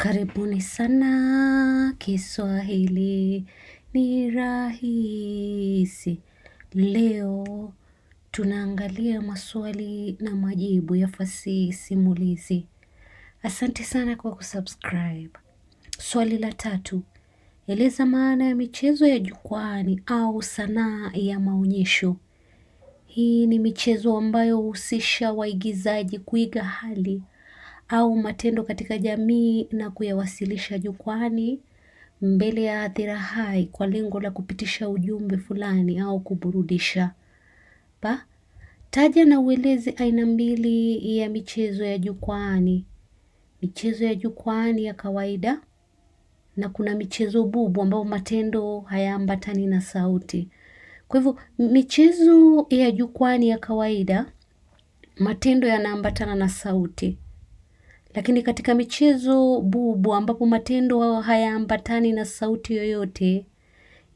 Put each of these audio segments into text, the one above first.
Karibuni sana kiswahili ni rahisi. Leo tunaangalia maswali na majibu ya fasihi simulizi. Asante sana kwa kusubscribe. Swali la tatu. Eleza maana ya michezo ya jukwani au sanaa ya maonyesho. Hii ni michezo ambayo huhusisha waigizaji kuiga hali au matendo katika jamii na kuyawasilisha jukwani mbele ya hadhira hai kwa lengo la kupitisha ujumbe fulani au kuburudisha. Pa, taja na ueleze aina mbili ya michezo ya jukwani. Michezo ya jukwani ya kawaida na kuna michezo bubu ambao matendo hayaambatani na sauti. Kwa hivyo, michezo ya jukwani ya kawaida, matendo yanaambatana na sauti. Lakini katika michezo bubu ambapo matendo hayaambatani na sauti yoyote,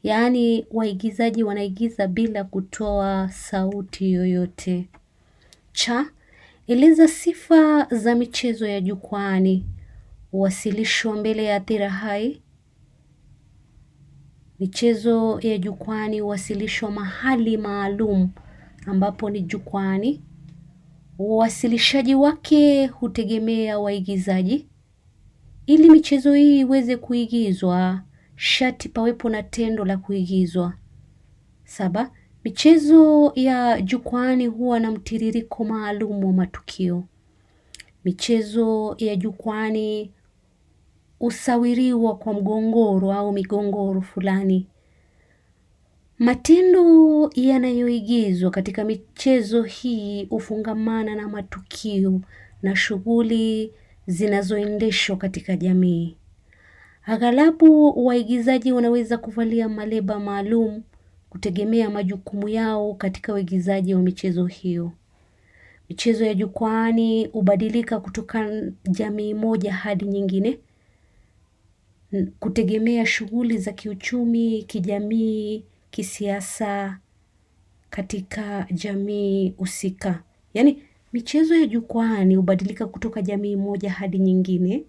yaani waigizaji wanaigiza bila kutoa sauti yoyote. Cha, eleza sifa za michezo ya jukwaani, huwasilishwa mbele ya hadhira hai. Michezo ya jukwaani huwasilishwa mahali maalum ambapo ni jukwaani wawasilishaji wake hutegemea waigizaji. Ili michezo hii iweze kuigizwa, shati pawepo na tendo la kuigizwa. Saba, michezo ya jukwani huwa na mtiririko maalum wa matukio. Michezo ya jukwani usawiriwa kwa mgongoro au migongoro fulani. Matendo yanayoigizwa katika michezo hii hufungamana na matukio na shughuli zinazoendeshwa katika jamii. Aghalabu waigizaji wanaweza kuvalia maleba maalum kutegemea majukumu yao katika uigizaji wa michezo hiyo. Michezo ya jukwaani hubadilika kutoka jamii moja hadi nyingine kutegemea shughuli za kiuchumi, kijamii kisiasa katika jamii husika. Yaani michezo ya jukwaani hubadilika kutoka jamii moja hadi nyingine,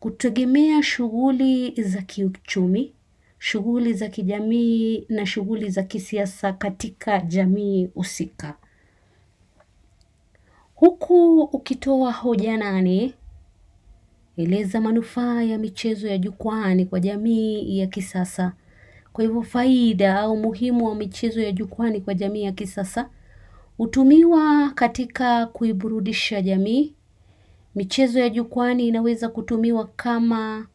kutegemea shughuli za kiuchumi, shughuli za kijamii na shughuli za kisiasa katika jamii husika. Huku ukitoa hoja nane, eleza manufaa ya michezo ya jukwaani kwa jamii ya kisasa. Kwa hivyo faida au umuhimu wa michezo ya jukwani kwa jamii ya kisasa, hutumiwa katika kuiburudisha jamii. Michezo ya jukwani inaweza kutumiwa kama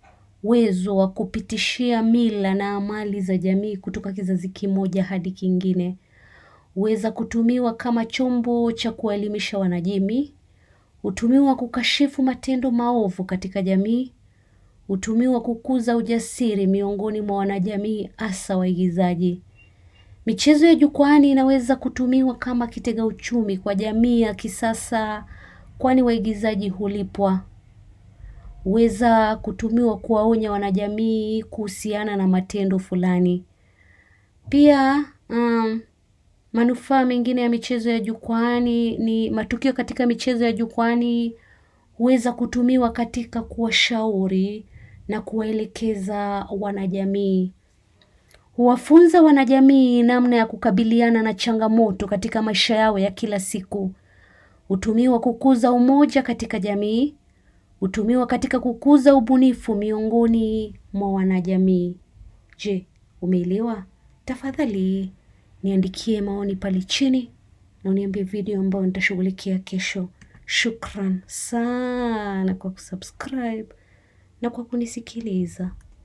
wezo wa kupitishia mila na amali za jamii kutoka kizazi kimoja hadi kingine. Huweza kutumiwa kama chombo cha kuwaelimisha wanajamii, hutumiwa kukashifu matendo maovu katika jamii, hutumiwa kukuza ujasiri miongoni mwa wanajamii hasa waigizaji. Michezo ya jukwani inaweza kutumiwa kama kitega uchumi kwa jamii ya kisasa kwani waigizaji hulipwa. Huweza kutumiwa kuwaonya wanajamii kuhusiana na matendo fulani. Pia um, manufaa mengine ya michezo ya jukwani ni matukio katika michezo ya jukwani huweza kutumiwa katika kuwashauri na kuwaelekeza wanajamii. Huwafunza wanajamii namna ya kukabiliana na changamoto katika maisha yao ya kila siku. Hutumiwa kukuza umoja katika jamii, hutumiwa katika kukuza ubunifu miongoni mwa wanajamii. Je, umeelewa? Tafadhali niandikie maoni pale chini na uniambie video ambayo nitashughulikia kesho. Shukran sana kwa kusubscribe na kwa kunisikiliza.